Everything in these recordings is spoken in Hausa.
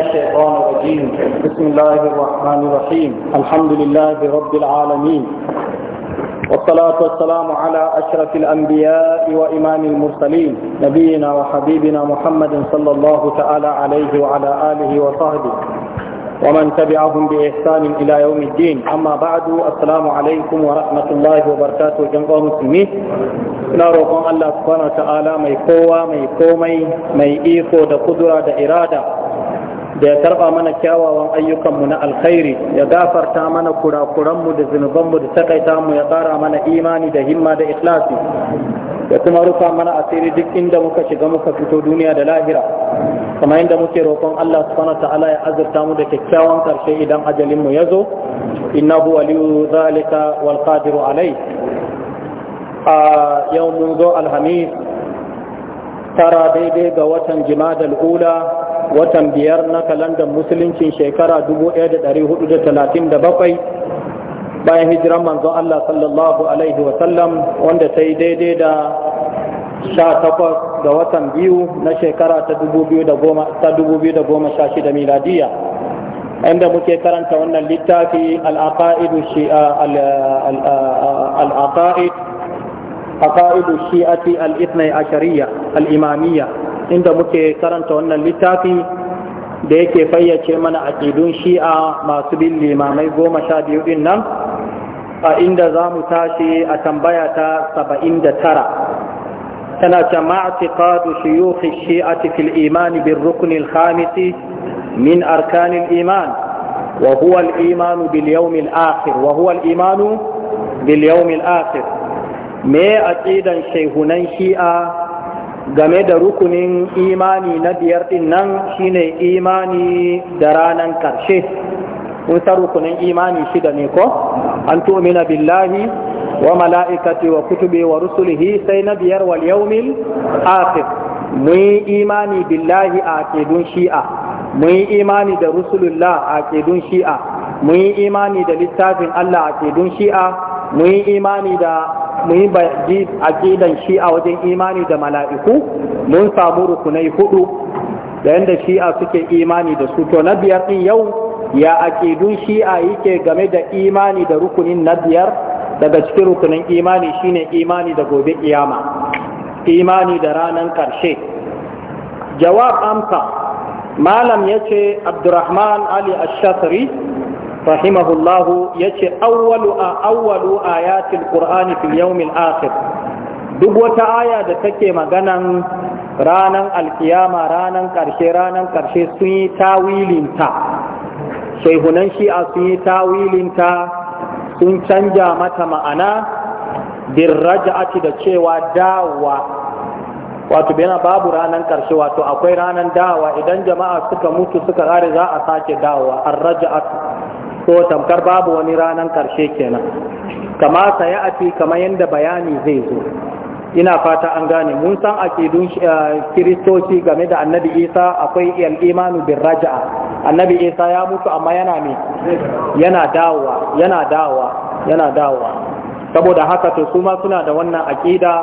الشيطان الرجيم بسم الله الرحمن الرحيم الحمد لله رب العالمين والصلاة والسلام على أشرف الأنبياء وإمام المرسلين نبينا وحبيبنا محمد صلى الله تعالى عليه وعلى آله وصحبه ومن تبعهم بإحسان إلى يوم الدين أما بعد السلام عليكم ورحمة الله وبركاته جمع المسلمين ina roƙon Allah subhanahu ما يقوى ما kowa ما يقوى mai iko da kudura da ya karba mana kyawawan ayyukanmu na alkhairi ya gafarta mana kurakuranmu da zunubanmu da takaita mu ya ƙara mana imani da himma da ikhlasi ya kuma rufa mana asiri duk inda muka shiga muka fito duniya da lahira kamar inda muke roƙon Allah subhanahu ta'ala ya azurta mu da kyakkyawan karshe idan ajalin mu yazo innahu waliyu zalika wal qadiru alai a yau mun zo alhamis tara daidai ga watan jimadal ula watan biyar na kalandar musuluncin shekara 1437 bayan hijiran manzon Allah sallallahu alaihi wasallam wanda ta yi daidai da 18 ga watan biyu na shekara ta 2016 miladiya inda muke karanta wannan littafi al'aqa'idu shi'ati al'ithnai ashariya al'imamiyya inda muke karanta wannan littafi da yake fayyace mana aƙidun shi'a masu bin limamai goma sha biyu din nan a inda za mu tashi a tambaya ta saba'in da tara tana ce ma'atiqadu shuyukhi shi'ati fil imani bin rukunin khamisi min arkanin iman wa huwa imanu bil yawmil akhir wa huwa imanu bil yawmil akhir me aqidan shaihunan shi'a game da rukunin imani na biyar din nan shine imani da ranar karshe kusa rukunin imani shida ne ko an tu'mina billahi wa mala'ikati wa kutubi wa rusulihi sai na biyar wal yawmil akhir mun imani billahi a kedun shi'a mun imani da rusulullah a kedun shi'a mun imani da littafin Allah a kedun shi'a mun imani da Mu muyi ji aqidan shi'a wajen imani da mala'iku mun samu rukunai hudu da yanda shi'a suke imani da su to na biyar din yau ya aqidun shi'a yake game da imani da rukunin na biyar daga cikin rukunin imani shine imani da gobe kiyama imani da ranar karshe jawab amsa malam yace abdurrahman ali ash rahimahullahu yace awwalu a awwalu ayatil qur'ani fil yawmil akhir duk wata aya da take maganan ranan alkiyama ranan ƙarshe ranan karshe sun yi tawilinta shehunan shi'a sun yi tawilinta sun canja mata ma'ana birraja'ati da cewa dawa wato bena babu ranar ƙarshe wato akwai ranar dawa idan jama'a suka mutu suka kare za a sake dawa arraja'atu Ko tamkar babu wani ranar karshe kenan kama ya a fi kama yadda bayani zai zo ina fata an gane mun san akidun eh, kiristoci game da annabi isa akwai imanu bin raja'a annabi isa ya mutu amma yana ne yana dawowa yana dawowa yana dawowa saboda haka to su ma suna da wannan akida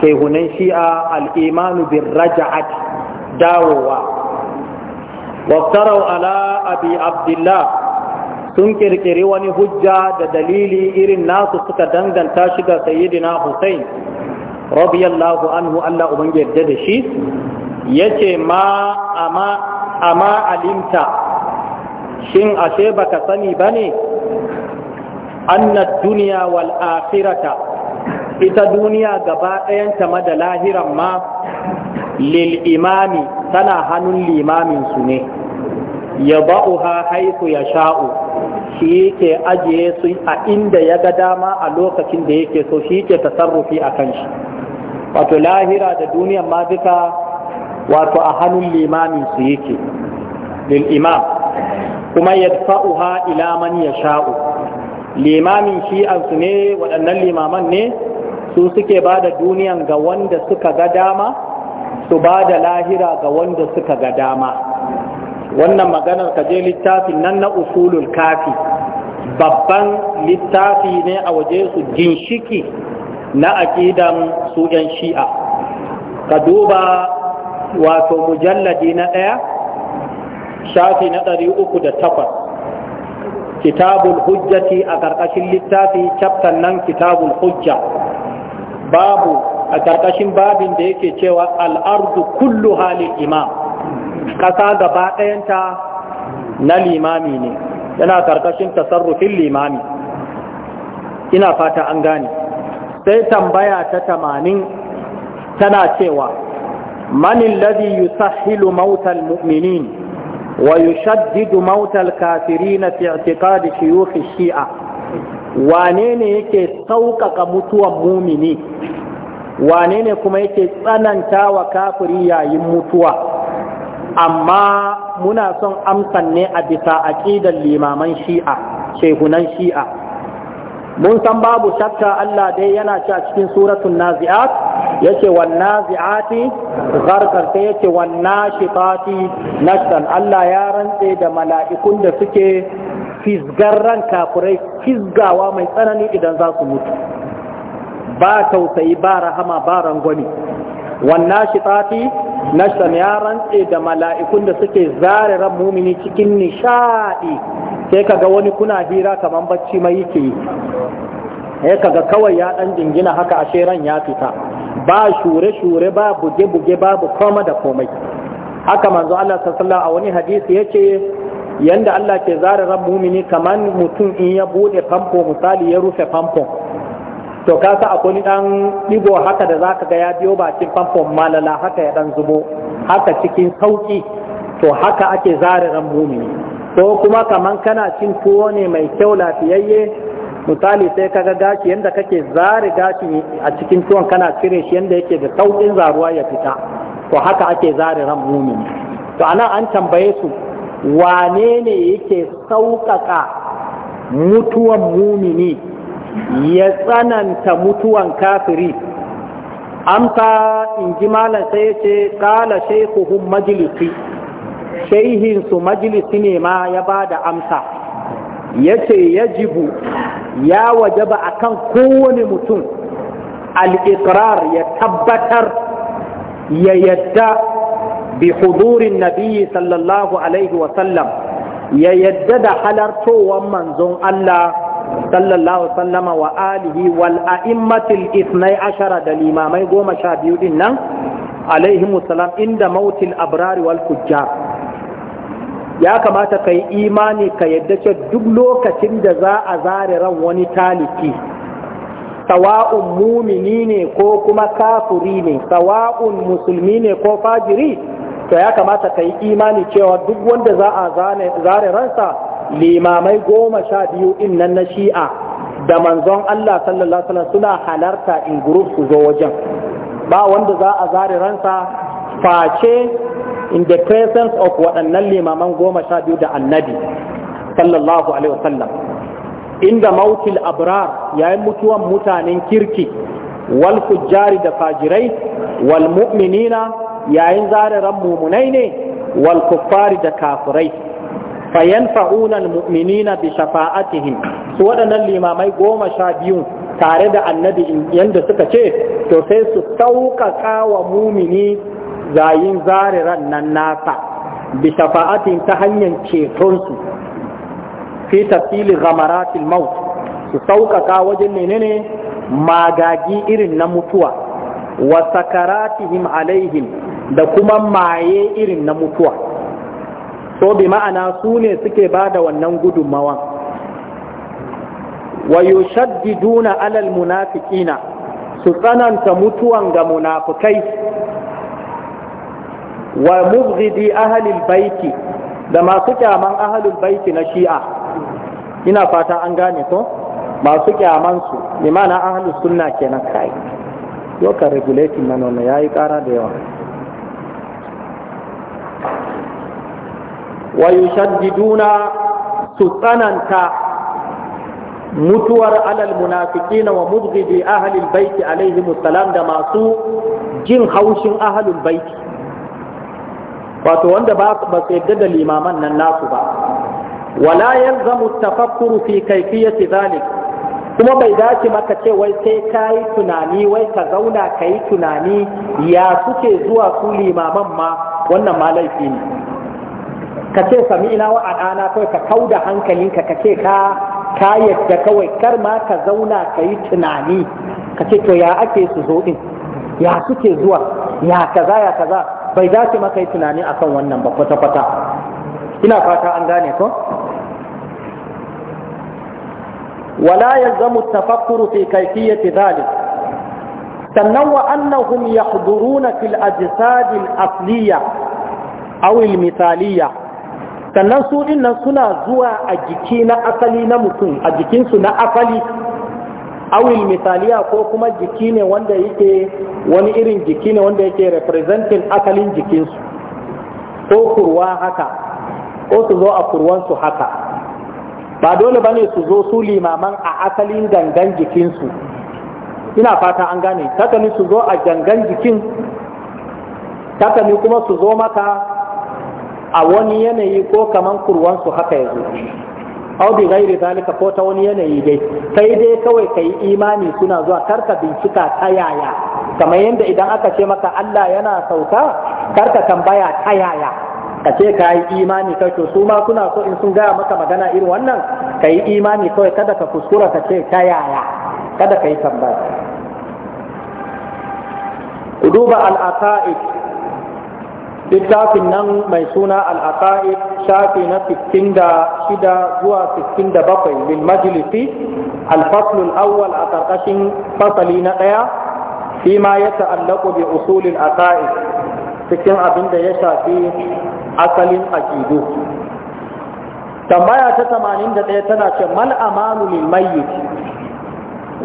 hunan shi'a al-imanu bin raja'at dawowa waftarau ala abi abdullah sun kirkiri wani hujja da dalili irin nasu suka danganta shi ga sayyidina Hussein radiyallahu anhu Allah da shi yace ma ama ama alimta shin ashe baka sani bane anna dunya wal akhirata ita duniya gaba ɗayanta ma da lahiran ma lil imami tana hannun limamin su ne ya ha haiku ya sha'u shi yake ajiye su a inda ya ga dama a lokacin da yake so shi yake tasarrufi a kan shi wato lahira da duniyan ma duka wato a hannun limamin su yake lil imam kuma yadfa'uha ila ya sha'u. limamin shi su ne waɗannan limaman ne su suke ba da duniyan ga wanda suka ga dama su ba da lahira ga wanda suka ga dama wannan maganar ka je littafin nan na usulul kafi babban littafi ne a waje su ginshiki na aƙidan su ‘yan shi'a ka duba wato mujalladi na ɗaya shafi na ɗari uku da takwas kitabul hujjati a ƙarƙashin littafi chapter nan kitabul hujja babu a ƙarƙashin babin da yake cewa al'ardu kullu halin imam ƙasa gaba ɗayanta na limami ne yana karkashin tasarrufin limami ina fata an gane sai tambaya ta tamanin tana cewa manin yi sahilu mautal mu'minin wa shaddidu mautal kafirina fi da shuyukh shi'a wane ne yake sauƙaƙa mutuwan mumini wane ne kuma yake tsananta wa kafiri yayin mutuwa amma muna son amsan ne a bisa aqidar limaman shi'a shehunan shi'a mun san babu shakka Allah dai yana ci a cikin suratun nazi'at yace wan nazi'ati zarkar sai yace wan nashitati nashtan Allah ya rantse da mala'ikun da suke fizgarran kafurai fizgawa mai tsanani idan za su mutu ba tausayi ba rahama ba rangwani wan nashitati nashtam ya rantse da mala'ikun da suke zare ran mumini cikin nishadi sai kaga wani kuna hira kaman bacci mai yake yi sai kaga kawai ya dan jingina haka ashe ran ya fita ba shure-shure ba buge-buge babu koma da komai haka manzo Allah sallallahu a wani hadisi yace yanda Allah ke zare ran mumini kaman mutum in ya bude famfo misali ya rufe famfo to ka sa akwai ɗan digo haka da zaka ga ya biyo bakin famfon malala haka ya ɗan zubo haka cikin sauki to haka ake zare ran mumini ko kuma kamar kana cin tuwo ne mai kyau lafiyayye misali sai ka ga gashi yanda kake zare gashi a cikin tuwon kana cire shi yanda yake da sauƙin zaruwa ya fita to haka ake zare ran mumini to anan an tambaye su wane ne yake sauƙaƙa mutuwan mumini ya tsananta mutuwan kafiri amsa in ji malam sai ya ce kala shaikuhun majalisi shaihinsu majalisi ne ma ya ba da amsa ya ce yajibu ya wajaba akan kowane mutum al'iƙirar ya tabbatar ya yadda bi hudurin nabiyyi sallallahu alaihi wasallam ya yadda da halartowar manzon Allah sallallahu sallama wa alihi wal a'immatil ithnai ashara da limamai goma sha biyu din nan alaihimu inda mautil abrari wal ya kamata ka yi imani ka yadda ce duk lokacin da za a zare ran wani taliki sawa'un mumini ne ko kuma kafuri ne sawa'un musulmi ne ko fajiri to ya kamata ka yi imani cewa duk wanda za a zare ransa limamai goma sha biyu in nan na shi'a da manzon Allah sallallahu alaihi suna halarta in group su zo wajen ba wanda za a zare ransa face in the presence of waɗannan limaman goma sha biyu da annabi sallallahu alaihi wasallam inda mautil abrar yayin mutuwan mutanen kirki wal fujjari da fajirai wal mu'minina yayin zare ran mumunai ne wal kuffari da kafirai Fayan fa'unan almu'minina bi shafa'atihim su waɗannan limamai goma sha biyu tare da annabi yanda suka ce to sai su sauƙaƙa wa mumini zayin zare nan nasa bi shafa'atin ta hanyar cetonsu fi tafsili ghamaratil maut su sauƙaƙa wajen menene magagi irin na mutuwa wa sakaratihim alaihim da kuma maye irin na mutuwa so bi ma'ana su ne suke ba da wannan gudunmawan wa yushaddiduna alal munafiqina su tsananta mutuwan ga munafukai wa mubghidi ahlil baiti da masu kyaman ahlul baiti na shi'a ina fata an gane ko masu kyaman su bi ma'ana ahlus sunna kenan kai yau ka regulating nan wannan yayi kara da yawa wa yushaddiduna su tsananta mutuwar alal munafiqina wa mubghidi ahli albayt alaihim da masu jin haushin ahlul bait wato wanda ba su yadda da limaman nan nasu ba wala yalzamu tafakkuru fi kayfiyati dhalik kuma bai dace maka ce wai sai ka yi tunani wai ka zauna ka yi tunani ya suke zuwa su limaman ma wannan ma laifi ne ka ce sami ina wa ana kawai ka kau da hankalinka ka ce ka ka yadda kawai kar ma ka zauna ka yi tunani ka ce to ya ake su zo din ya suke zuwa ya kaza ya kaza bai dace maka yi tunani akan wannan ba kwata kwata ina fata an gane ko ولا يلزم التفكر في كيفية ذلك تنوى أنهم يحضرون في الأجساد الأصلية أو المثالية sannan su nan suna zuwa a jiki na asali na mutum a jikinsu na asali awil misaliya ko kuma jiki ne wanda yake wani irin jiki ne wanda yake representing asalin jikinsu ko kurwa haka ko su zo a kurwansu haka ba dole ba ne su zo su limaman a asalin gangan jikinsu ina fata an gane takani su zo a gangan jikin takani kuma su zo maka a wani yanayi ko kaman kurwansu haka ya zo au bi gairi zalika ko ta wani yanayi dai sai dai kawai ka imani suna zuwa karka bincika ta yaya kamar yadda idan aka ce maka Allah yana sauka karka tambaya ta yaya ka ce ka yi imani kai to su ma suna so in sun gaya maka magana irin wannan ka yi imani kawai kada ka kuskura ka ce ta yaya kada ka yi tambaya duba al-aqaid littafin nan mai suna al'aqa'id shafi na 66 zuwa 67 bakwai, majlisi al-fasl awwal a ƙarƙashin fasali na ɗaya, shi ma ya ta'allaqu bi usul aqaid cikin abin da ya shafi asalin aqidu tambaya ta 81 tana ce mal amanu lil mayyit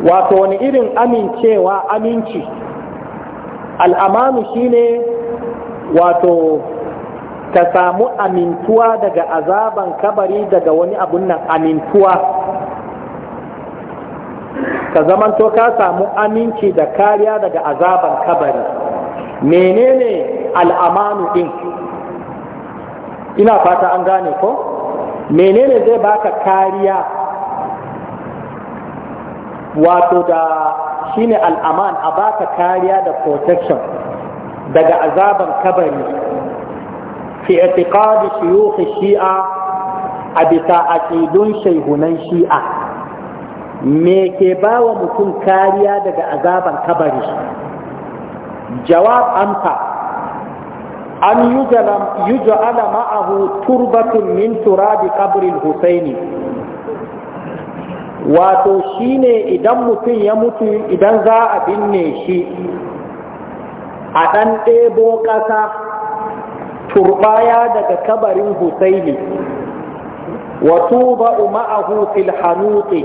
wato wani irin amincewa aminci al'amanu shine wato ka samu amintuwa daga azaban kabari daga wani abun nan amintuwa ka zamanto ka samu aminci da kariya daga azaban kabari menene al'amanu din ina fata an gane ko menene zai baka kariya wato da shine al'aman a baka kariya da protection daga azaban kabari fi i'tiqadi shuyukh shi'a a bisa aqidun shaihunan shi'a me ke bawa mutum kariya daga azaban kabari jawab amsa an yuj'ala ma'ahu turbatun min turabi qabri al-husaini wato shine idan mutum ya mutu idan za a binne shi a ɗan ɗebo ƙasa turbaya daga kabarin husaini wa tuba ma'ahu fil hanuti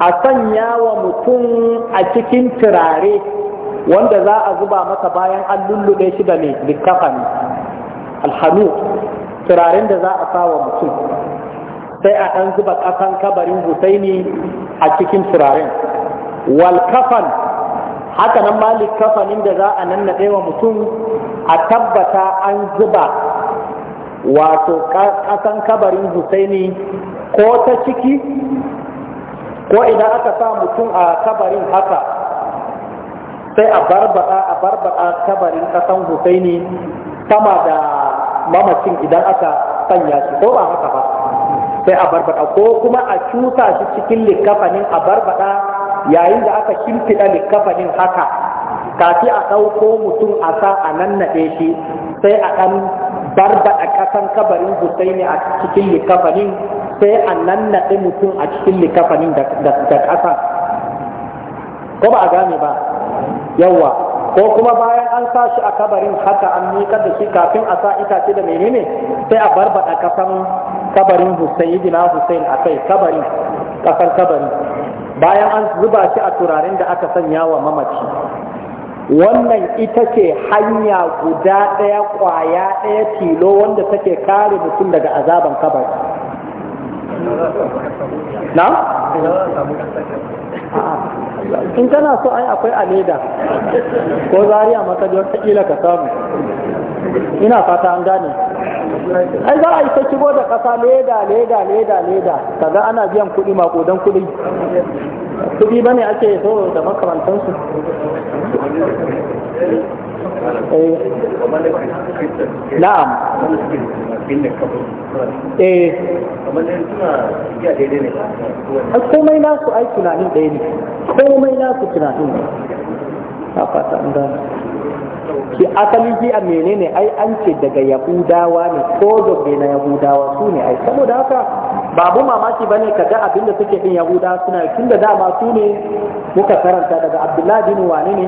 a sanya wa mutum a cikin turare wanda za a zuba masa bayan an lullube shi da likafani alhanu turaren da za a sawa mutum sai a ɗan zuba ƙasan kabarin husaini a cikin turaren wal kafan haka nan malik kafanin da za a nannaɗe wa mutum a tabbata an zuba wato ƙasan kabarin husaini ko ta ciki ko idan aka sa mutum a kabarin haka sai a barbaɗa a barbaɗa kabarin ƙasan husaini sama da mamacin idan aka sanya shi ko ba haka ba sai a barbaɗa ko kuma a cuta shi cikin likafanin a barbaɗa yayin da aka shimfiɗa likafanin haka kafi a ɗauko mutum a sa a nan na shi sai a ɗan a ƙasan kabarin Husaini a cikin likafanin sai a nan nannaɗe mutum a cikin likafanin da ƙasa ko ba a gane ba yawa ko kuma bayan an sa shi a kabarin haka an miƙa da shi kafin a sa itace da menene sai a barbaɗa ƙasan kabarin Husaini Husain a kai kabarin ƙasan kabarin bayan an zuba shi a turaren da aka sanya wa mamaci wannan ita ce hanya guda ɗaya ƙwaya ɗaya tilo wanda take kare mutum daga azaban kabar na? in kana so ai akwai a ko zariya maka wata kila ka samu ina fata an gane ai za a yi ta shigo da ƙasa leda leda leda leda kaga ana biyan kuɗi maƙudan kuɗi kuɗi ba ne ake so da makarantansu eh. na'am eh komai nasu aiki tunanin ɗaya ne komai nasu tunanin a fata da ki asali ki a menene ai an ce daga yahudawa ne ko dogge na yahudawa su ne ai saboda haka babu mamaki bane kaga abin da suke bin yahudawa suna tun da dama su ne muka karanta daga abdullahi bin wani ne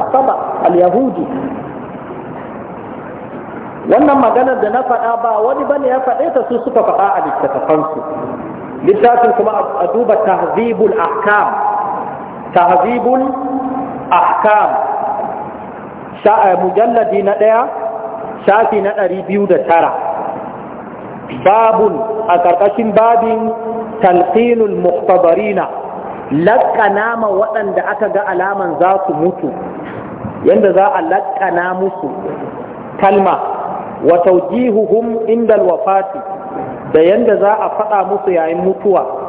asaba al-yahudi wannan maganar da na faɗa ba wani bane ya faɗe ta su suka faɗa a littattafansu littafin kuma a duba tahzibul ahkam tahzibul ahkam eh, mujalladi na ɗaya shafi na ɗari biyu da tara babun a ƙarƙashin babin talqinul muhtabarina laƙana ma waɗanda aka ga alaman za su mutu yadda za a laƙana musu kalma wa taujihuhum inda wafati da yadda za a faɗa musu yayin mutuwa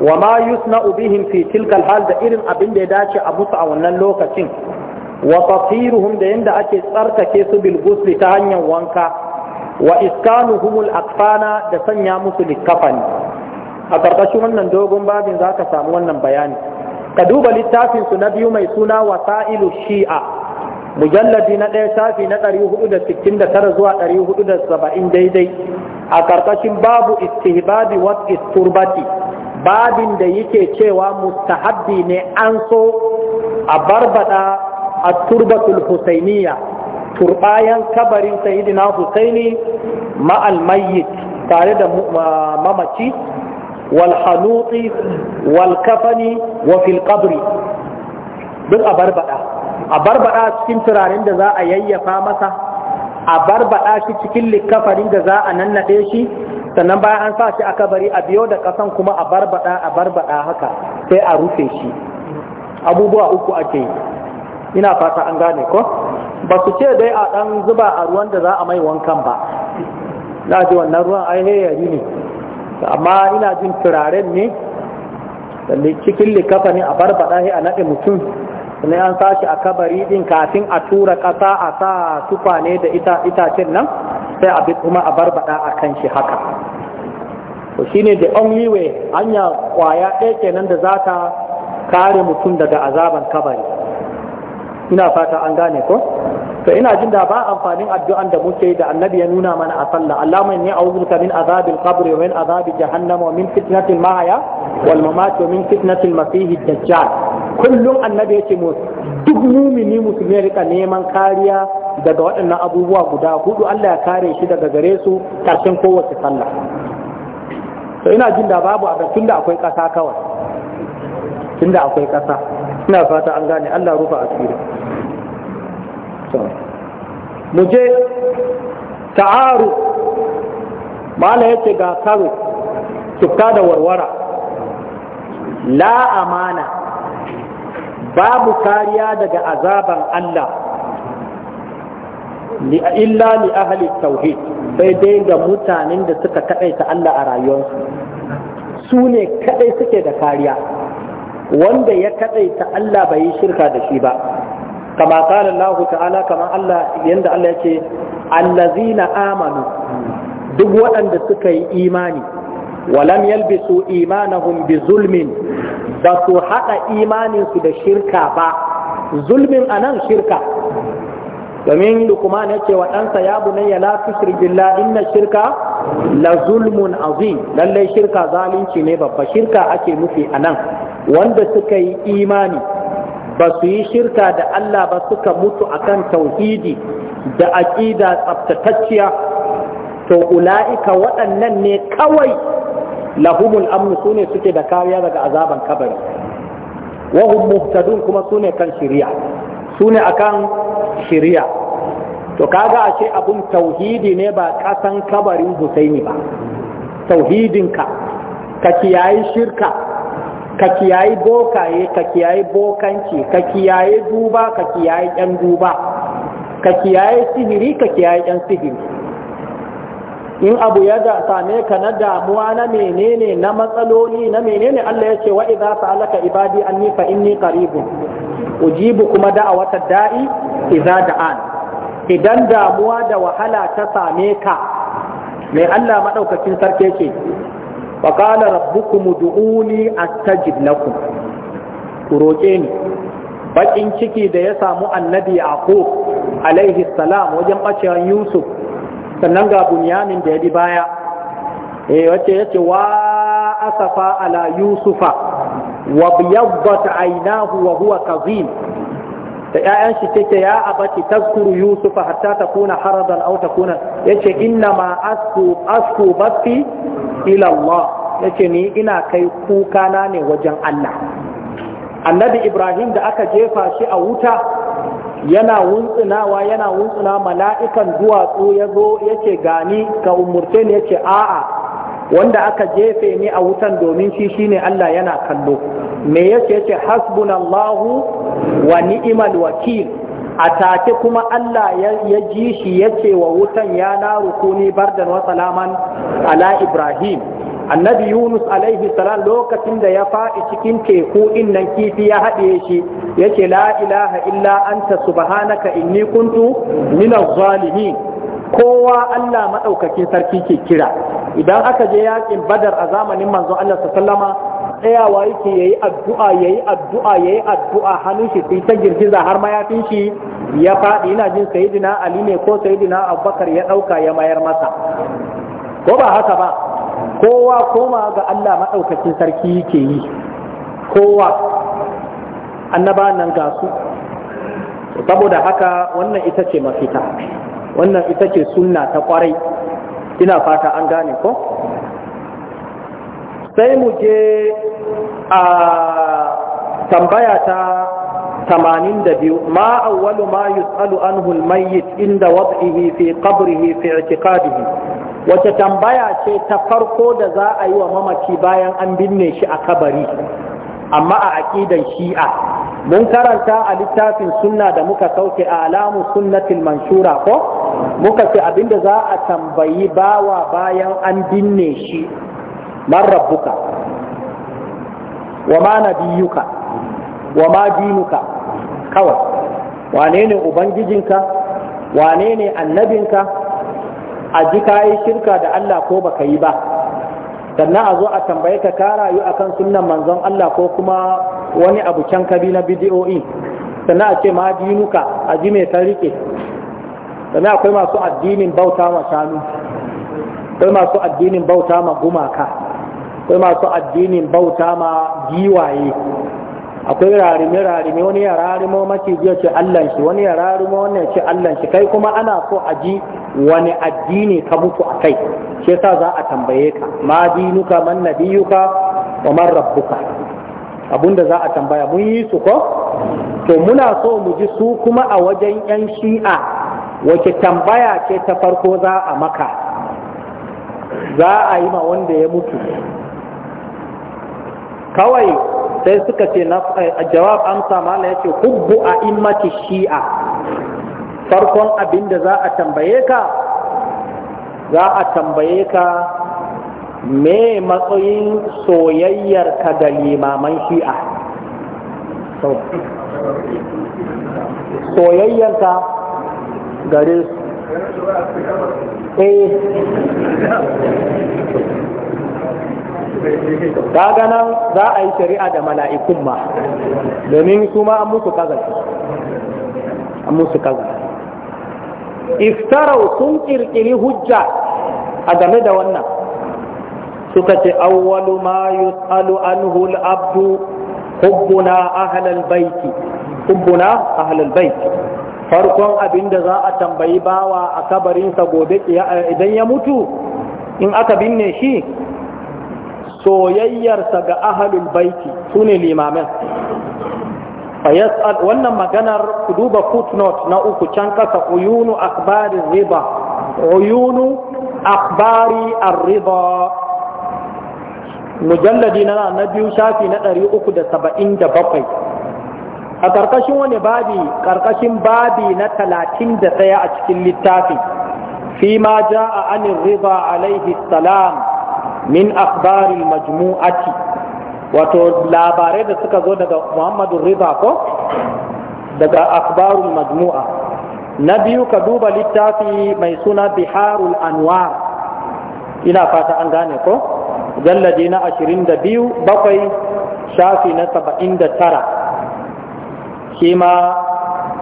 wa mayus na bihim fi tilka hal da irin abin da ya dace a musu a wannan lokacin wa tatiruhum da yanda ake tsarkake su bil ghusli ta hanyar wanka wa iskanu al akfana da sanya musu likafani a karkashin wannan dogon babin zaka samu wannan bayani ka duba littafinsu na biyu mai suna wasailu shi'a mujalladi na ɗaya shafi na tara zuwa 470 daidai a karkashin babu istihbabi wa isturbati babin da yake cewa mustahabbi ne an so a barbada a turbatul husainiya turbayan kabarin sayidina husaini ma'al mayyit tare da mamaci wal hanuti wal kafani wa fil qabri duk a barbada a barbada cikin turaren da za a yayyafa masa a barbaɗa shi cikin likafarin da za a nannaɗe shi sannan bayan an sa shi aka bari a biyo da ƙasan kuma a barbaɗa a barbaɗa haka sai a rufe shi abubuwa uku ake yi ina fata an gane ko ba su ce dai a ɗan zuba a ruwan da za a mai wankan ba na ji wannan ruwan ai yari ne amma ina jin turaren ne cikin likafarin a a barbaɗa a naɗe mutum ne an sashi a kabari din kafin a tura ƙasa a sa tukwane da ita itacen nan sai a bi kuma a barbada a kan shi haka to shine the only way hanya kwaya ɗaya kenan da za ta kare mutum daga azaban kabari ina fata an gane ko to ina jin da ba amfanin addu'an da muke da annabi ya nuna mana a sallah Allahumma ni a'udhuka min azabil qabr wa min azabi jahannam wa min fitnatil mahya wal mamat wa min fitnatil masih dajjal kullum annabi yake mu duk mumini musulmi rika neman kariya daga waɗannan abubuwa guda hudu Allah ya kare shi daga gare su karshen kowace sallah to ina jin da babu a tunda akwai ƙasa kawai tunda akwai ƙasa ina fata an gane Allah rufa asiri mu je ta'aru mala yace ga karo tukka da warwara la amana babu kariya daga azaban Allah illa li ahli tauhid sai dai ga mutanen da suka kaɗaita Allah a rayuwarsu su ne kaɗai suke da kariya wanda ya kaɗaita Allah bai yi shirka da shi ba kama qala Allah ta'ala kama Allah yanda Allah yake allazina amanu duk waɗanda suka yi imani walam yalbisu imanahum bi zulmin ba su haɗa imaninsu da shirka ba zulmin anan shirka domin lukman ya ce wa ɗansa ya bunayya la tushrik billah inna shirka la zulmun azim lallai shirka zalunci ne babba shirka ake nufi anan wanda suka yi imani ba su yi shirka da Allah ba suka mutu akan tauhidi da aƙida tsaftatacciya to ula'ika waɗannan ne kawai lahumul amnu su ne suke da kariya daga azaban kabari wahum muhtadun kuma su ne kan shiriya su ne akan shiriya to kaga ashe abun tauhidi ne ba kasan kabarin Husaini ba tauhidinka ka kiyayi shirka ka kiyayi bokaye ka kiyayi bokanci ka kiyayi duba ka kiyayi yan duba ka kiyayi sihiri ka kiyayi yan sihiri in abu ya da same ka na damuwa na menene na matsaloli na menene Allah ya ce wa idza sa'alaka ibadi anni fa inni qaribun ujibu kuma da'awata da'i idza da'an idan damuwa da wahala ta same ka mai Allah madaukakin sarki ce wa qala rabbukum ud'uni astajib lakum ku roke ni bakin ciki da ya samu annabi yaqub alaihi salam wajen bacewan yusuf sannan ga bunyamin da ya bi baya E eh, wace yace wa asafa ala yusufa wa biyaddat aynahu wa huwa kazim da ‘ya'yan shi take ya abaci taskuru Yusufa hatta ta kuna haradan au ta kuna ya ce inna ma asku asku ilallah yace ni ina kai kuka na ne wajen Allah annabi Ibrahim da aka jefa shi a wuta yana wuntsunawa yana wuntsuna mala'ikan duwatsu ya zo gani ka umurce ni yace a'a wanda aka jefe ni a wutan domin shi shine Allah yana kallo me yake yace hasbunallahu wa ni'mal wakil a take kuma Allah ya ji shi ya ce wa wutan ya naru kuni bardan wa salaman ala Ibrahim annabi Yunus alaihi salam lokacin da ya faɗi cikin teku innan kifi ya haɗe shi ya ce la ilaha illa anta subhanaka inni kuntu minaz zalimin kowa Allah maɗaukakin sarki ke kira idan aka je yakin badar a zamanin manzon Allah sallama tsayawa yake yayi addu'a yayi addu'a yayi addu'a hannun shi sai ta girgiza har mayafin shi ya faɗi ina jin sayyidina Ali ne ko sayyidina Abubakar ya ɗauka ya mayar masa ko ba haka ba kowa koma ga Allah maɗaukacin sarki yake yi kowa annaba nan ga su saboda haka wannan ita ce mafita wannan ita ce sunna ta kwarai ina fata an gane ko sai mu je a tambaya ta 82 ma awwalu ma yus'alu anhu al inda wad'ihi fi qabrihi fi i'tiqadihi wace tambaya ce ta farko da za a yi wa mamaci bayan an binne shi a kabari amma a aqidan shi'a mun karanta a littafin sunna da muka sauke a alamu sunnatil manshura ko muka ce abinda za a tambayi bawa bayan an binne shi man rabbuka wa ma nabiyuka wa ma dinuka kawai wane ne ubangijinka wane ne annabinka a ji ka yi shirka da Allah ko baka yi ba sannan a zo a tambaye ka ka rayu kan sunan manzon Allah ko kuma wani abu can kabi na bidiyoyi sannan a ce ma dinuka a ji mai tarike sannan akwai masu addinin bauta ma shanu akwai masu addinin bauta ma gumaka akwai masu addinin bauta ma giwaye akwai rarime-rarime wani ya rarimo mace jiya ce Allah shi wani ya rarimo wannan ce Allah shi kai kuma ana so a ji wani addini ka mutu a kai shi yasa za a tambaye ka ma dinuka man nabiyuka wa man rabbuka abinda za a tambaya mun yi su ko to muna so mu ji su kuma a wajen yan shi'a wace tambaya ce ta farko za a maka za a yi ma wanda ya mutu kawai sai suka ce eh, jawab amsa mala ya ce hubbu a immati shi'a farkon abin da za a tambaye ka za a tambaye ka me matsayin soyayyar ka ga limaman shi'a ka gare su eh. kaga nan za a yi shari'a da mala'ikun ma domin su ma an musu kazafi iftarau sun kirkiri hujja a game da wannan suka ce awwalu ma yus'alu anhu al-abdu hubbuna al-bayt hubbuna al-bayt farkon abinda za a tambayi bawa a kabarinsa gobe idan ya mutu in aka binne shi soyayyarsa ga ahalul baiti su ne limamin wannan maganar ku duba footnote na uku can kasa uyunu akbarin riba uyunu akbari arriba mujalladi na na biyu shafi na ɗari uku da da bakwai. a ƙarƙashin wani babi ƙarƙashin babi na talatin da ɗaya a cikin littafi fi ma ja a anin riba alaihi salam min akhbaril majmu'ati wato labarai da suka zo daga muhammadu riba ko daga akhbarul majmu'a na biyu ka duba littafi mai suna biharul anwar ina fata an gane ko jalladi na ashirin da biyu bakwai shafi na saba'in da tara shi ma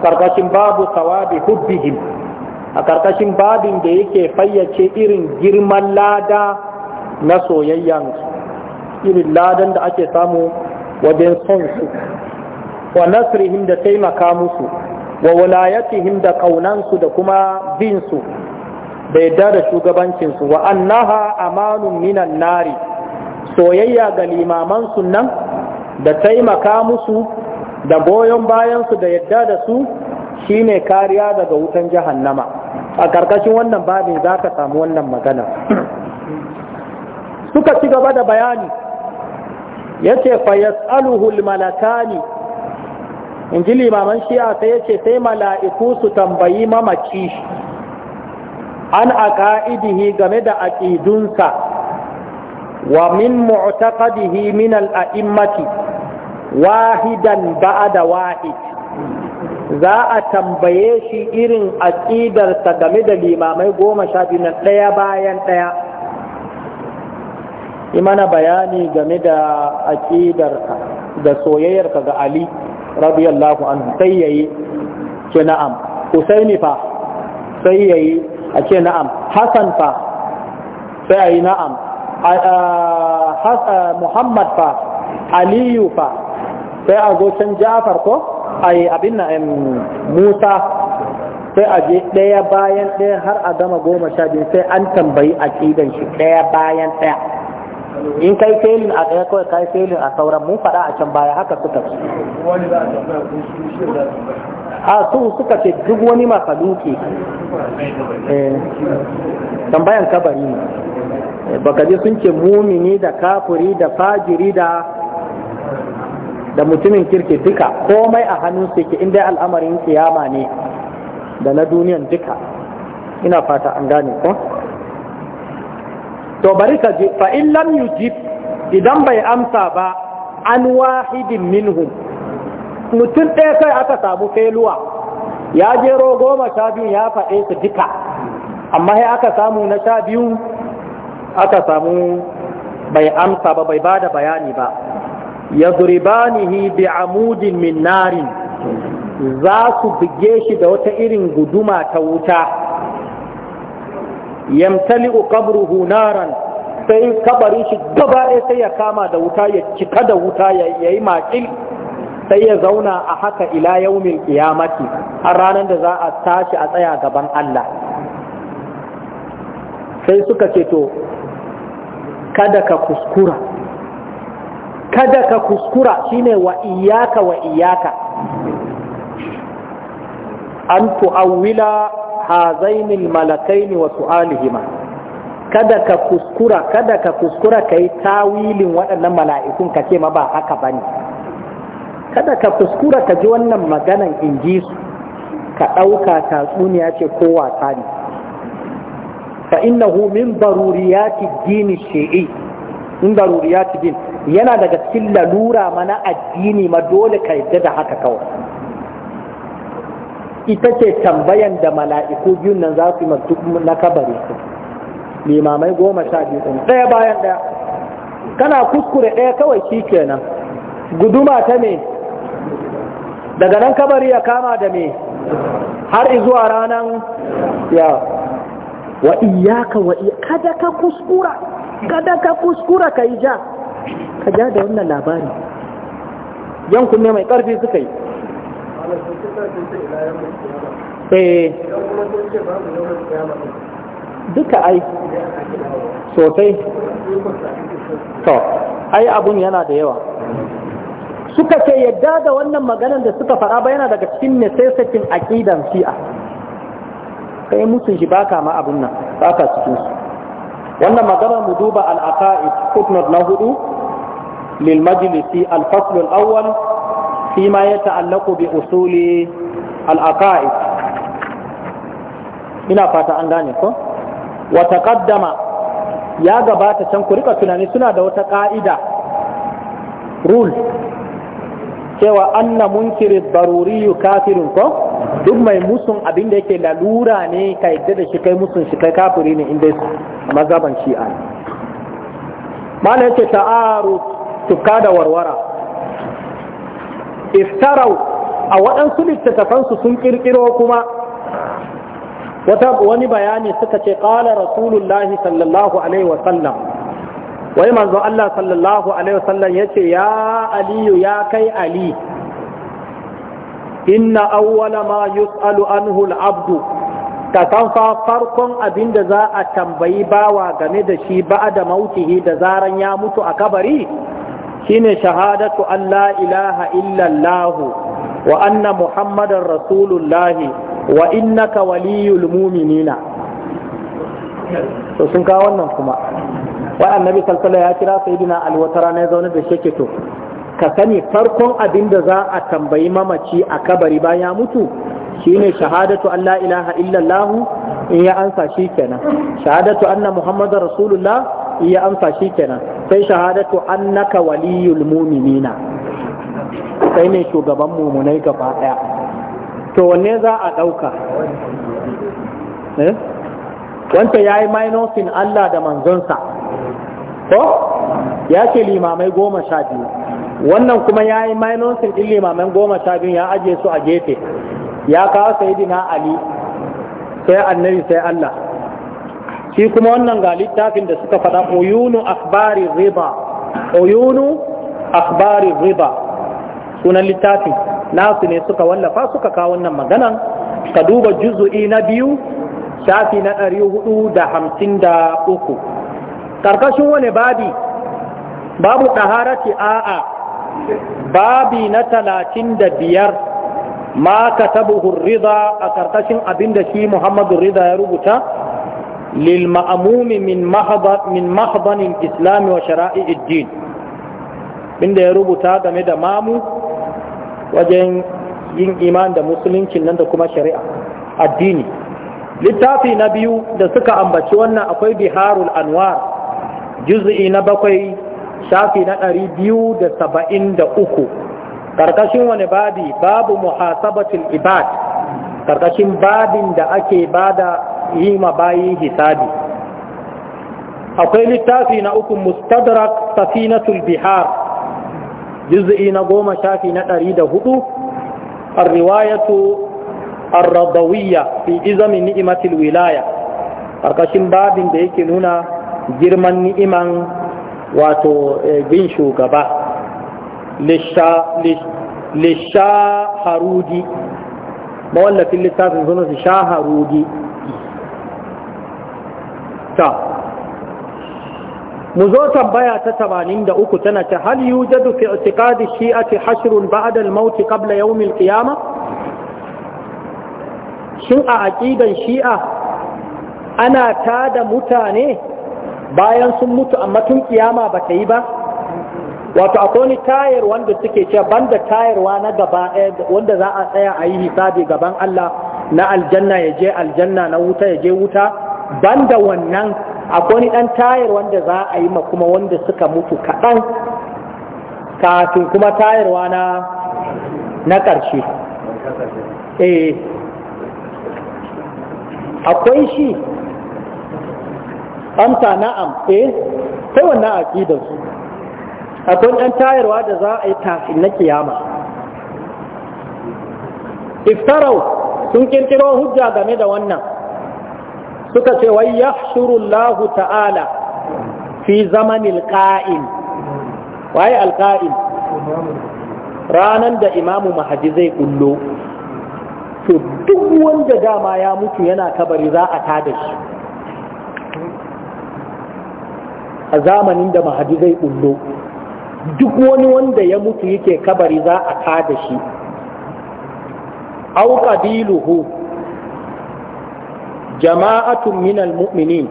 karkashin babu sawabi hubbihim a karkashin babin da yake fayyace irin girman lada na soyayyan irin ladan da ake samu wajen son su wa nasrihim da taimaka musu wa wulayatihim da kaunansu da kuma binsu, da yadda da shugabancinsu wa annaha amanun minan nari soyayya ga limamansu nan da taimaka musu da goyon bayansu da yadda da su shi ne kariya daga wutan jahannama a ƙarƙashin wannan babin za ka samu wannan magana suka ci gaba da bayani yace fa yas'aluhu malakani in ji limaman shi'a sai yace sai mala'iku su tambayi mamaci an aqaidihi game da aƙidunsa. wa min mu'taqadihi min al-a'immati wahidan da wahid za a tambaye shi irin aƙidarsa game da limamai goma sha biyu na ɗaya bayan ɗaya yi mana bayani game da aƙidarka da soyayyarka ga ali radiyallahu an sai yi, ce na'am husaini fa sai ya yi a ce na'am Hassan fa sai ayi na'am muhammad fa aliyu fa sai a zo can jafar ko yi abin na musa sai a je ɗaya bayan ɗaya har a gama goma sha biyu sai an tambayi aƙidan shi ɗaya bayan ɗaya in kai felin a ɗaya kawai kai felin a sauran mun faɗa a can baya haka suka ce a su suka ce duk wani makaluki eh, tambayan kabari eh, baka ji sun ce mumini da kafuri da fajiri da da mutumin kirki duka komai a hannun su ke inda al'amarin kiyama ne da na duniyan duka ina fata an gane ko to bari ka ji fa in lam yujib idan bai amsa ba an wahidin minhum mutum ɗaya kai aka samu feluwa ya jero goma sha biyu ya faɗe su duka amma sai aka samu na sha biyu aka samu bai amsa ba bai bada bayani ba ya zuribanihi bi amudin min narin za su buge shi da wata irin guduma ta wuta Yamtali qabruhu naran sai kabarin shi gaba ɗaya sai ya kama da wuta ya cika da wuta ya yi makil sai ya zauna a haka ila yaumil qiyamati har ranar da za a tashi a tsaya gaban Allah sai suka ce to kada ka kuskura kada ka kuskura shine wa iyaka wa iyaka an tu'awwila hazaini malakaini wa su'alihima kada ka kuskura kada ka kuskura kai tawilin waɗannan mala'ikun ka ce ma ba haka bane kada ka kuskura ka ji wannan maganan in ji su ka ɗauka tatsuniya ce ko wasa ne fa innahu min daruriyati dini shi'i in daruriyati din yana daga cikin lalura mana addini ma dole ka yadda da haka kawai ita ce tambayan da mala'iku biyun nan za su yi na kabari su limamai goma sha biyu ɗaya bayan ɗaya kana kuskure ɗaya kawai shi kenan guduma ta ne daga nan kabari ya kama da me har zuwa ranar ya wa iyaka wa kada ka kuskura kada ka kuskura ka yi ja ka ja da wannan labari yankun ne mai ƙarfi suka yi Eh. duka ai sosai to ai abun yana da yawa suka ce yadda da wannan maganar da suka fara ba yana daga cikin necessitin aqidan shi'a kai musun shi baka ma abun nan baka cikin su wannan magana mu duba al-aqaid footnote na hudu lil majlisi al-fasl al-awwal فيما يتعلق بأصول العقائد ina fata an gane ko wa ya gabata can ku rika tunani suna da wata ka'ida rule cewa anna munkirin baruri kafirin ko duk mai musun abin da yake lalura ne ka yadda da shi kai musun shi kai kafiri ne inda a mazaban shi'a ne mana yake ta'aru tuka da warwara iftarau a waɗansu littattafansu sun ƙirƙiro kuma wata wani bayani suka ce ƙala rasulullahi sallallahu alaihi sallam. wai manzo Allah sallallahu alaihi sallam ya ce ya aliyu ya kai ali inna awwala ma yus'alu anhu abdu ka san fa farkon abin da za a tambayi bawa game da shi ba da mautihi da zaran ya mutu a kabari shine shahadatu an la ilaha illallah wa anna muhammadar rasulullahi wa innaka waliyul mu'minina to sun kawo wannan kuma wai annabi sallallahu ya kira sayyidina ali wata rana ya zaune da shi to ka sani farkon abin da za a tambayi mamaci a kabari bayan ya mutu shine shahadatu an la ilaha illallah in ya ansa shi kenan shahadatu anna muhammadar rasulullah ya amsa shi kenan sai shahadatu annaka waliyul mu'minina sai ne shugaban mumunai gaba daya to wanne za a dauka eh wanda yayi minusin Allah da manzonsa ko ya ce limamai goma sha biyu wannan kuma ya yi minusin ɗin limamai goma sha biyu ya ajiye su a gefe ya kawo sayidina ali sai annabi sai Allah shi kuma wannan ga littafin da suka faɗa uyunu akbari riba uyunu akbari riba sunan littafin nasu ne suka wallafa suka kawo wannan magana. ka duba juzu'i na biyu shafi na ɗari hudu da hamsin da uku ƙarƙashin wani babi babu ɗaharati a'a babi na talatin da biyar ma ka tabuhun rida a ƙarƙashin abin da shi muhammadu rida ya rubuta للمأموم من محضن من محضن الإسلام وشرائع الدين من ده يربط هذا مدى مامو yin iman da musuluncin nan da kuma shari'a addini littafi na biyu da suka ambaci wannan akwai biharul anwar juz'i na bakwai shafi na ɗari biyu da saba'in da uku ƙarkashin wani babi babu muhasabatul ibad ƙarkashin babin da ake bada yi ma bayi hisabi akwai littafi na uku mustadrak safinatul bihar juz'i na goma shafi na ɗari da hudu riwayatu الرضوية fi إزم نعمة wilaya ƙarƙashin babin da yake nuna girman ni'iman wato eh, bin shugaba mawallafin littafin suna su sha harudi ta mu zo tambaya ta 83 tana ta hal yujadu fi i'tiqadi shi'ati hashrun ba'da al-maut qabla yawm al shin a aqidan shi'a ana tada mutane bayan sun mutu amma tun kiyama ba ta yi ba wato akwai wani tayar wanda suke ce banda tayarwa na gaba wanda za a tsaya a yi hisabi gaban Allah na aljanna ya je aljanna na wuta ya je wuta banda wannan akwai dan tayar wanda za a yi ma kuma wanda suka mutu kaɗan kafin kuma tayarwa na na ƙarshe eh akwai shi amsa na'am eh ta wannan aƙidar su akwai dan tayarwa da za a yi kafin na kiyama iftarau sun kirkiro hujja game da wannan suka ce wai yahshurullahu ta'ala fi zamanil qa'im waye alqa'im Ranar da imamu mahaji zai kullo to duk wanda dama ya mutu yana kabari za a tada shi a zamanin da mahaji zai kullo duk wani wanda ya mutu yake kabari za a tada shi au qabiluhu jama'atun minal mu'minin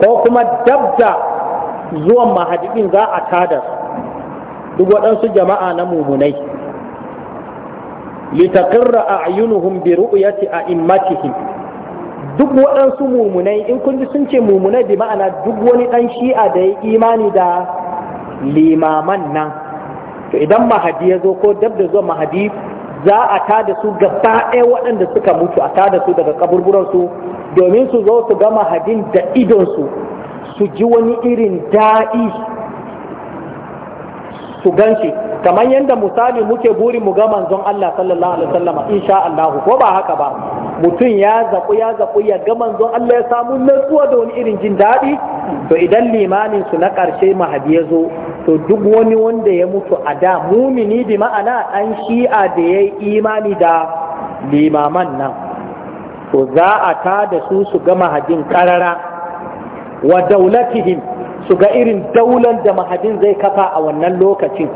ko kuma dabda zuwan mahadin za a tada duk waɗansu jama'a na mumunai litaqirra a'yunuhum bi ru'yati a'immatihim duk waɗansu mumunai in kun ji sun ce mumunai bi ma'ana duk wani ɗan shi'a da ya imani da limaman nan to idan mahadi ya zo ko dabda zuwa mahadi za a tada su gaba ɗaya waɗanda suka mutu a tada su daga kaburburansu domin su zo su gama hadin da idonsu su ji wani irin daɗi su ganshi kamar yadda misali muke buri mu ga zon Allah sallallahu alaihi wasallam insha Allah ko ba haka ba mutum ya zaku ya zaku ya ga zon Allah ya samu natsuwa da wani irin jin daɗi to idan limamin su na ƙarshe mahadi ya zo to duk wani wanda ya mutu a da mumini bi ma'ana an shi'a da ya yi imani da limaman nan to za a ta da su su ga mahadin karara wa daulatihim su ga irin daular da mahadin zai kafa a wannan lokacin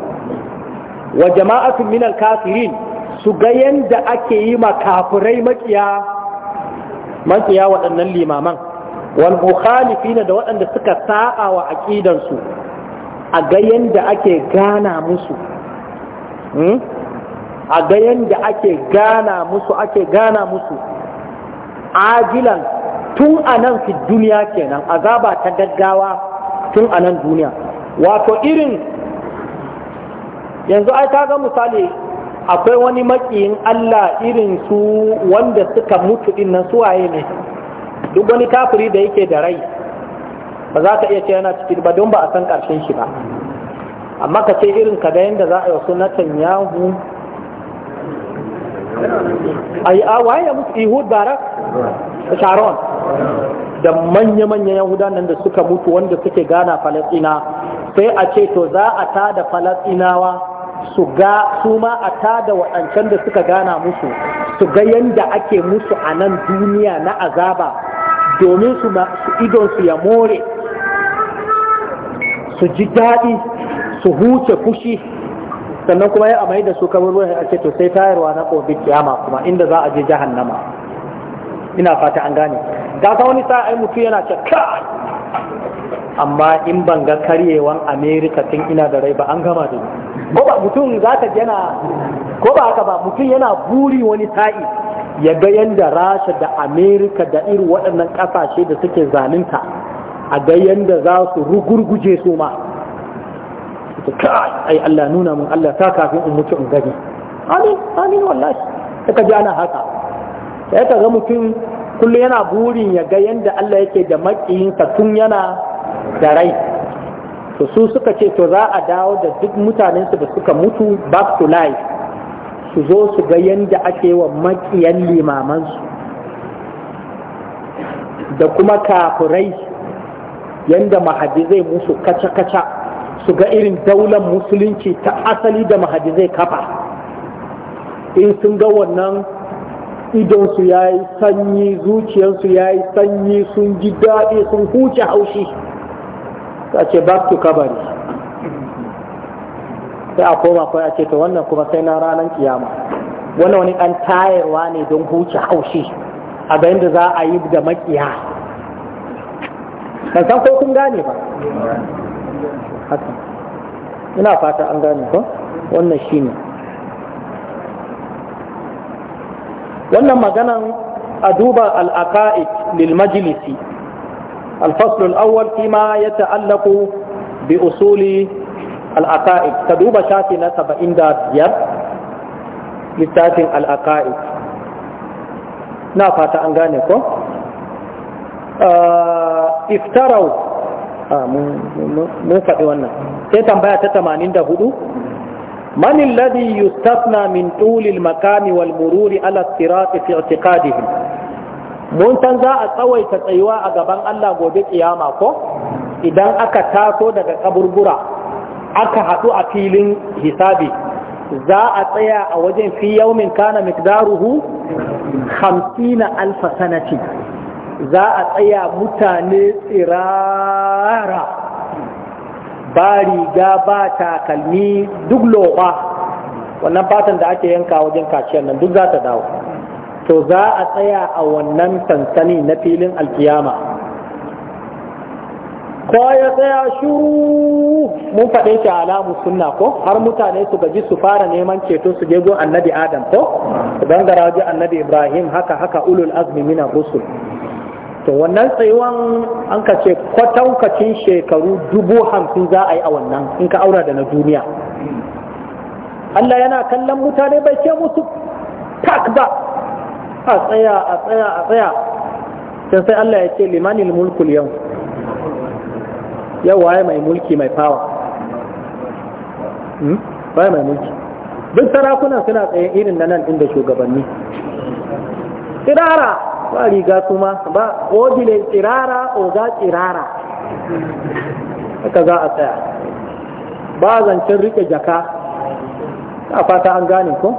wa jama'atun minal kafirin su ga yadda ake yi makafurai makiya makiya waɗannan limaman wal mukhalifina da waɗanda suka sa'a wa su. a ga da ake gana musu hmm? a ga ake gana musu ake gana musu ajilan tun a nan fi duniya kenan azaba ta gaggawa tun a nan duniya wato irin yanzu ai ta ga misali akwai wani makiyin Allah irin su wanda suka mutu dinnan suwaye ne duk wani kafiri da yake da rai ba za ka iya ce yana ciki ba don ba a san karshen shi ba amma ka ce irin ka ga yadda za a yi wasu natan yahu a yi awa ya mutu ihud barak sharon da manya-manyan yahuda nan da suka mutu wanda suke gana falasina sai a ce to za a da falasinawa su ga su ma a tada waɗancan da suka gana musu su ga yadda ake musu a nan duniya na azaba domin su idonsu ya more su ji daɗi su huce fushi sannan kuma ya amai da su kamar ruwa a to sai tayarwa na ƙofin kiyama kuma inda za a je jahannama ina fata an gane Ga ta wani sa'a mutu yana ce ka amma in ban ga karyewan amerika tun ina da rai ba an gama da ko ba mutum za ka yana ko ba haka ba mutum yana buri wani sa'i ya ga yadda rasha da amerika da irin waɗannan ƙasashe da suke zalunta a ga yadda za su rugurguje su ma ta kai ai Allah nuna mun Allah ta kafin in mutu in gani amin amin wallahi ka ji ana haka sai ka ga mutum kullu yana burin ya ga yadda Allah yake da ka tun yana da rai to su suka ce to za a dawo da duk mutanensu da suka mutu back to life su zo su ga yadda ake wa makiyan limamansu da kuma kafurai yanda mahadi zai musu kaca-kaca su ga irin daular musulunci ta asali da mahadi zai kafa in sun ga wannan idonsu ya yi sanyi zuciyarsu ya yi sanyi sun ji daɗi sun huce haushi ta ce back to kabari sai a koma kawai a ce ta wannan kuma sai na ranar kiyama wannan wani ɗan tayarwa ne don huce haushi a bayan da za a yi da makiya ban san ko kun gane ba haka ina fata an gane ba wannan shine wannan maganan a duba al'aqa'id lil majlisi الفصل الأول فيما يتعلق بأصول العقائد تدوب شاتنا سبعين دار لتاتين العقائد نافات أنغانيكو آه iftarau ah, mun faɗi wannan sai tambaya ta min tulil makami wal mururi ala sirat fi i'tiqadihim mun san za a tsawaita tsayuwa a gaban Allah gobe kiyama ko idan aka taso daga kaburbura aka haɗu a filin hisabi za a tsaya a wajen fi yaumin kana miqdaruhu 50 alfa sanati za a tsaya mutane tsirara ba riga ba takalmi duk loba wannan fatan da ake yanka wajen kaciyar nan duk za ta dawo to za a tsaya a wannan sansani na filin alkiyama ko ya tsaya shuru mun faɗin shi alamu sunna ko har mutane su gaji su fara neman ceto su annabi adam ko su gangara annabi ibrahim haka haka ulul azmi mina rusul to wannan tsayuwan an ka ce kwatankacin shekaru dubu hamsin za a yi a wannan in ka aura da na duniya Allah yana kallon mutane bai ce musu tak ba a tsaya a tsaya a tsaya sai sai Allah ya ce limanil mulkul yau yau waye mai mulki mai fawa hmm? waye mai mulki duk sarakunan suna tsaye irin na nan inda shugabanni tsirara ba riga kuma ba odile tsirara oga tsirara haka za a tsaya ba zancen rike jaka a fata an gane ko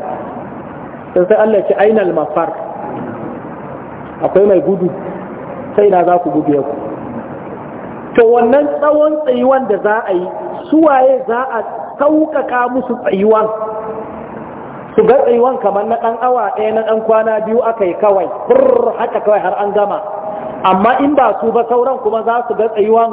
sai sai Allah ce ainal mafar akwai mai gudu sai na za ku gube ku to wannan tsawon tsayuwan da za a yi suwaye za a sauƙaƙa musu tsayuwan su ga tsayuwan kamar na ɗan awa ɗaya na ɗan kwana biyu aka yi kawai fur haka kawai har an gama amma in ba su ba sauran kuma za su ga tsayuwan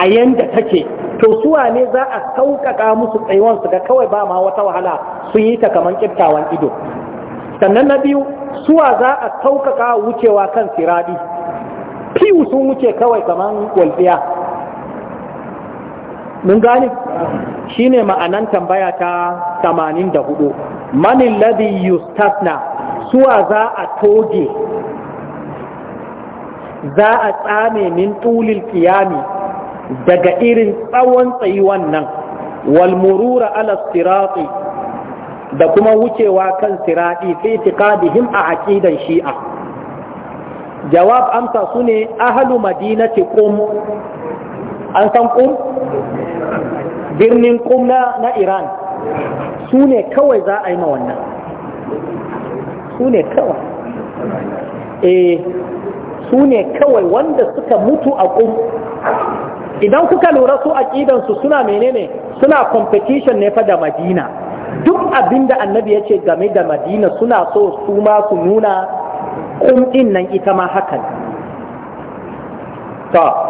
a yanda take to suwa ne za a sauƙaƙa musu tsayuwan su ga kawai ba ma wata wahala sun yi ta kamar ƙiftawan ido sannan na biyu suwa za a sauƙaƙa wucewa kan sirari, fiyu sun wuce kawai kamar walɗiya. mun gane shine ma'anan tambaya ta 84 man alladhi yustasna suwa za a toge za a tsame min tulil kiyami daga irin tsawon tsayuwan nan wal murura ala sirati da kuma wucewa kan sirati fi itiqadihim a aqidan shi'a jawab amsa sune ahlu madinati qum an san qum birnin kum na iran su ne kawai za a yi ma wannan su ne kawai eh su ne kawai wanda suka mutu a kum idan kuka lura su a aƙidansu suna menene suna competition ne fa da madina duk abinda annabi ya ce game da madina suna so su ma su nuna kum din nan ita ma hakan ta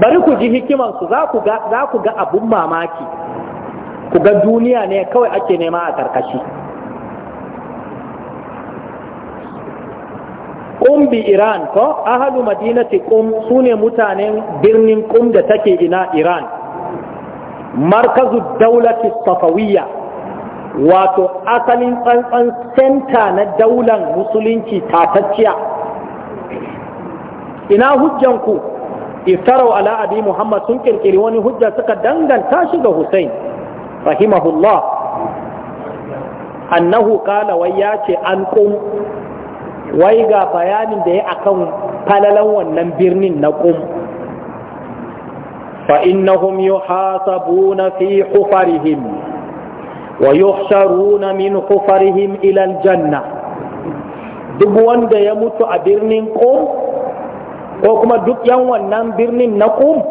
bari ku ji hikimansu za ku ga za abun mamaki ku ga duniya ne kawai ake nema a karkashi Ƙumbi Iran ko ahalu madinati Ƙum ne mutanen birnin Ƙum da take ina Iran markazu daulati safawiyya wato asalin tsantsan senta na daular musulunci tatacciya ina hujjanku iftarau ala abi muhammad sun kirkiri wani hujja suka danganta shi ga husain rahimahullah annahu qala wai ya ce an qum wai ga bayanin da ya akan falalan wannan birnin na qum fa innahum yuhasabuna fi hufarihim wa yuhsharuna min hufarihim ila janna? duk wanda ya mutu a birnin ƙum. ko kuma duk yan wannan birnin na ƙum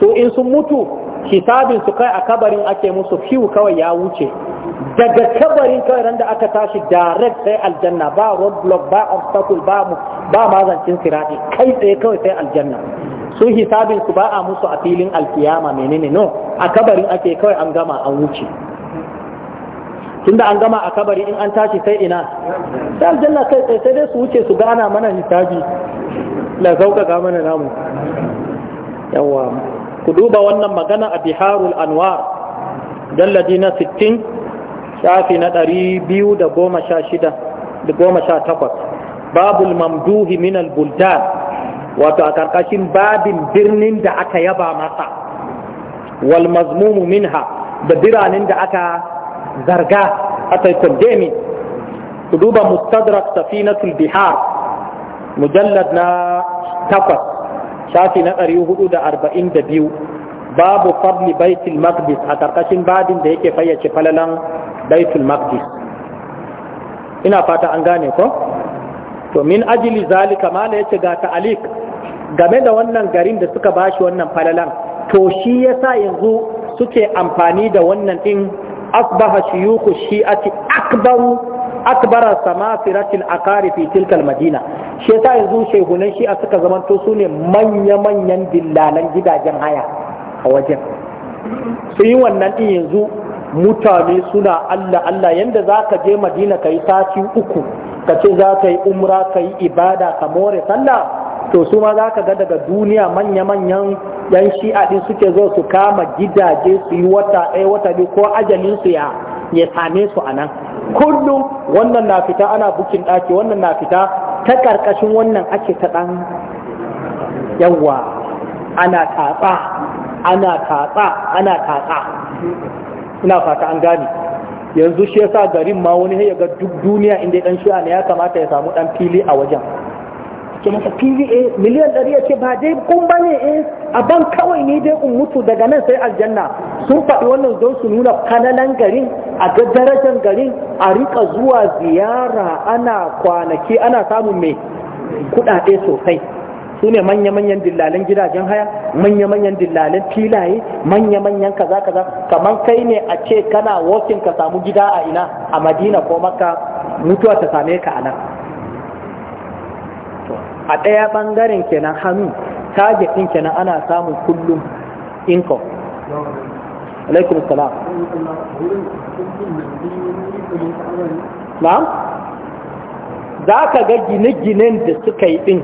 su in sun mutu hisabin su kai a kabarin ake musu fiwu kawai ya wuce daga kabarin kawai randa aka tashi direct sai aljanna ba roadblock ba obstacle ba mu ba mazancin sirati kai tsaye kawai sai aljanna su hisabin su ba a musu a filin alkiyama menene no a kabarin ake kawai an gama an wuce tunda an gama a kabari in an tashi sai ina sai aljanna kai tsaye sai dai su wuce su gana mana hisabi la sauƙaƙa mana namu yawa ku duba wannan magana a biharul anwar dalladi na 60 shafi na 218 babul mamduhi min buldan wato a ƙarƙashin babin birnin da aka yaba masa wal mazmumu minha da biranen da aka zarga aka ku duba mustadrak safinatul bihar mujallad na takwas shafi na ɗari hudu da arba'in da biyu babu fadli baitul a ƙarƙashin badin da yake fayyace falalan baitul maqdis ina fata an gane ko to min ajili zalika mala yace gata Alik, game da wannan garin da suka bashi wannan falalan to shi yasa yanzu suke amfani da wannan din asbaha shuyukhu shi'ati akbaru akbara samafiratil aqari fi tilkal madina shi yasa yanzu shehunan shi a suka zamanto su ne manya-manyan dillalan gidajen haya a wajen su yi wannan din yanzu mutane suna Allah Allah yanda za ka je madina ka yi sati uku ka ce za ka yi umra ka yi ibada ka more sallah to su ma za ka ga daga duniya manya-manyan yan shi'a din suke zo su kama gidaje su yi wata ɗaya wata biyu ko ajalin su ya same su a nan kullum wannan na fita ana bukin ɗaki wannan na fita ta ƙarƙashin wannan ake ta ɗan yawa ana tatsa ana tatsa ana tatsa ina fata an gane yanzu shi yasa garin ma wani ya ga duk duniya inda ɗan shi'a ne ya kamata ya samu ɗan fili a wajen ke masa PVA eh, miliyan ɗari ya ce ba dai kun ba ne eh, a ban kawai ne dai in mutu daga nan sai aljanna sun faɗi wannan don su nuna kananan garin a ga darajar garin a rika zuwa ziyara ana kwanaki ana samun mai kuɗaɗe sosai su ne manya-manyan dillalin gidajen haya manya-manyan dillalin filaye manya-manyan kaza kaza kamar kai ne a ce kana wokin ka samu gida a ina a madina ko maka mutuwa ta same ka a nan a ɗaya ɓangaren kenan hannu target ɗin kenan ana samun kullum income alaikum salam na'am za ka ga gine-ginen da suka yi ɗin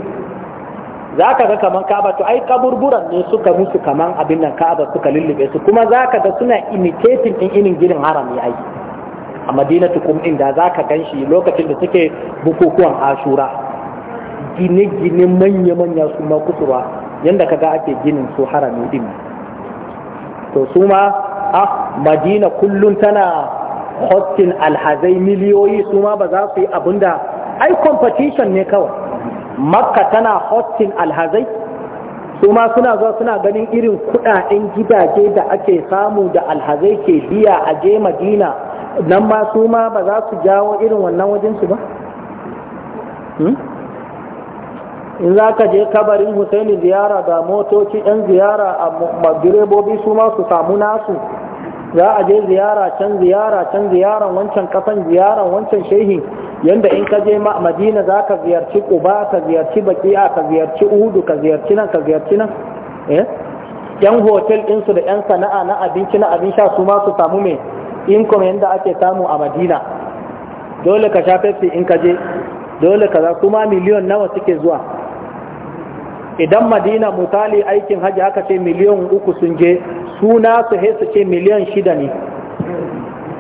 za ka ga kamar kaba to ai kaburburan ne suka musu kamar abin nan kaba suka lullube su kuma za ka ga suna imitating ɗin inin ginin haram ya yi a madinatu kum inda da za ka gan shi lokacin da suke bukukuwan ashura gine-gine manya-manya su ma kusurwa yadda ka ga ake ginin su harami din to su ma a ah, madina kullum tana hotin alhazai miliyoyi su ma ba za su yi abinda ai competition ne kawai makka tana hotin alhazai su ma suna zuwa suna ganin irin kudaden gidaje da ake samu da alhazai ke biya a je madina nan ma su ma ba za su jawo irin wannan wajensu ba? Hmm? in za ka je kabarin husaini ziyara da motoci 'yan ziyara a direbobi su ma su samu nasu za a je ziyara can ziyara can ziyara wancan kasan ziyara wancan shehi yanda in ka je madina za ka ziyarci kuba ka ziyarci baki'a ka ziyarci uhudu ka ziyarci nan ka ziyarci nan eh? yan hotel ɗinsu da yan sana'a na abinci na abin sha su ma su samu mai kuma yanda ake samu a madina dole ka sha in ka je dole ka za kuma miliyon nawa suke zuwa idan madina mutali aikin hajji aka ce miliyan uku sun je suna su he su ce miliyan shida ne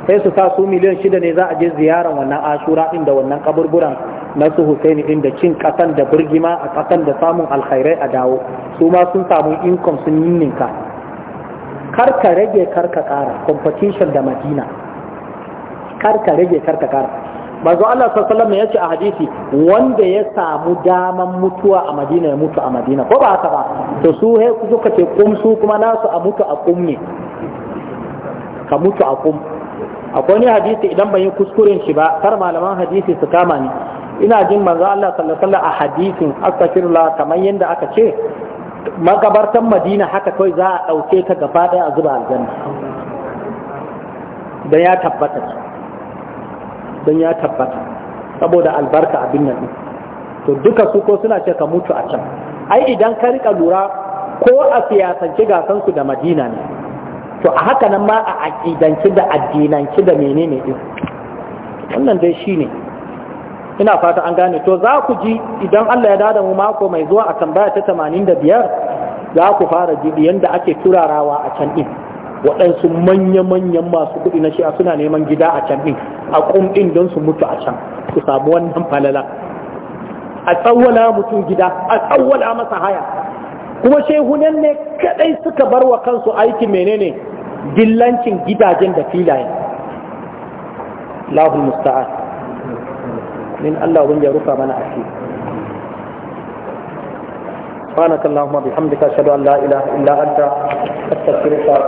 sai su sa su miliyan shida ne za a je ziyaran wannan ashura din da wannan kaburburan na su husaini din da cin kasan da birgima a kasan da samun alkhairai a dawo su ma sun samu income sun yinninka karka rage karka kara competition da madina karka rage karka kara manzo Allah sallallahu alaihi ce a hadisi wanda ya samu daman mutuwa a Madina ya mutu a Madina ko ba haka ba to su he suka ce kum su kuma nasu a mutu a kum ne ka mutu a kum akwai ni hadisi idan ban yi kuskuren shi ba kar malaman hadisi su kama ni ina jin manzo Allah sallallahu alaihi a hadisin astaghfirullah kamar yanda aka ce magabartan Madina haka kai za a dauke ta gaba daya a zuba aljanna dan ya tabbata don ya tabbata saboda albarka abin nan to duka su ko suna ce ka mutu a can ai idan ka rika lura ko a siyasance gasan su da madina ne to a haka nan ma a aqidanci da addinanci da menene din wannan dai shine ina fata an gane to za ku ji idan Allah ya dada mu mako mai zuwa a tambaya ta 85 za ku fara ji yanda ake turarawa a can din waɗansu manya-manyan masu kuɗi na shi'a suna neman gida a can ɗin a ƙum ɗin don su mutu a can su samu wannan falala a tsawwala mutum gida a tsawwala masa haya kuma shehunan ne kadai suka bar wa kansu aiki menene dillancin gidajen da filaye lahul musta'an min Allah wanda ya rufa mana asiri سبحانك اللهم وبحمدك اشهد ان لا اله الا انت استغفرك